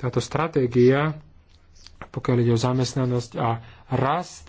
Táto stratégia, pokiaľ ide o zamestnanosť a rast,